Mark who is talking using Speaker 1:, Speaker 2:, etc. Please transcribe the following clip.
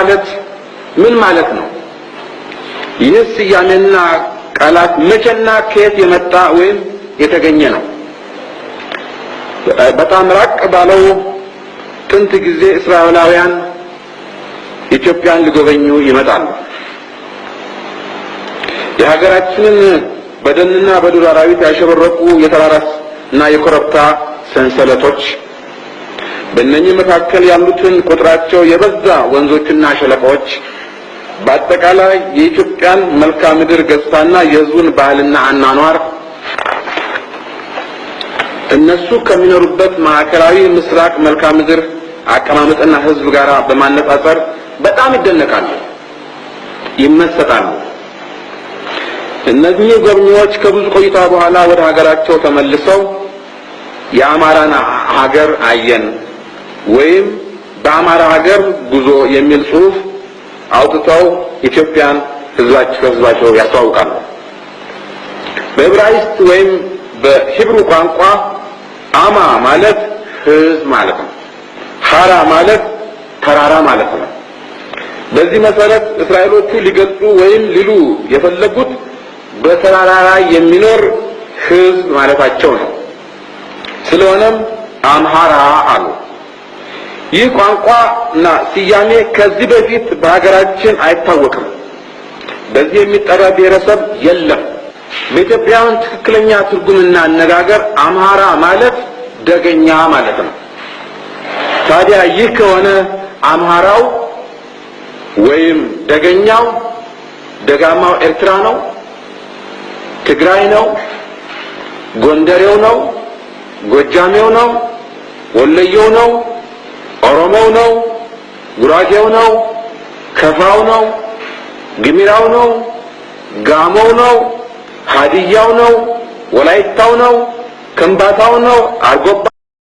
Speaker 1: ማለት ምን ማለት ነው? ይህ ስያሜና ቃላት መቼና ከየት የመጣ ወይም የተገኘ ነው? በጣም ራቅ ባለው ጥንት ጊዜ እስራኤላውያን ኢትዮጵያን ሊጎበኙ ይመጣሉ። የሀገራችንን በደንና በዱር አራዊት ያሸበረቁ የተራራስ እና የኮረብታ ሰንሰለቶች በእነኚህ መካከል ያሉትን ቁጥራቸው የበዛ ወንዞችና ሸለቆች በአጠቃላይ የኢትዮጵያን መልካ ምድር ገጽታና የህዝቡን ባህልና አናኗር እነሱ ከሚኖሩበት ማዕከላዊ ምስራቅ መልካ ምድር አቀማመጥና ህዝብ ጋር በማነጻጸር በጣም ይደነቃሉ፣ ይመሰጣሉ። እነዚህ ጎብኚዎች ከብዙ ቆይታ በኋላ ወደ ሀገራቸው ተመልሰው የአማራን ሀገር አየን ወይም በአማራ ሀገር ጉዞ የሚል ጽሁፍ አውጥተው ኢትዮጵያን ህዝባቸው ያስተዋውቃሉ። በዕብራይስጥ ወይም በሂብሩ ቋንቋ አማ ማለት ህዝብ ማለት ነው። ሀራ ማለት ተራራ ማለት ነው። በዚህ መሰረት እስራኤሎቹ ሊገልጹ ወይም ሊሉ የፈለጉት በተራራ ላይ የሚኖር ህዝብ ማለታቸው ነው። ስለሆነም አምሃራ ይህ ቋንቋ ና ስያሜ ከዚህ በፊት በሀገራችን አይታወቅም። በዚህ የሚጠራ ብሔረሰብ የለም። በኢትዮጵያውያን ትክክለኛ ትርጉምና አነጋገር አማራ ማለት ደገኛ ማለት ነው። ታዲያ ይህ ከሆነ አምሃራው ወይም ደገኛው ደጋማው ኤርትራ ነው፣ ትግራይ ነው፣ ጎንደሬው ነው፣ ጎጃሜው ነው፣ ወለየው ነው ኦሮሞው ነው፣ ጉራጌው ነው፣ ከፋው ነው፣ ግሚራው ነው፣ ጋሞው ነው፣ ሀዲያው ነው፣ ወላይታው ነው፣ ከምባታው ነው፣ አርጎባ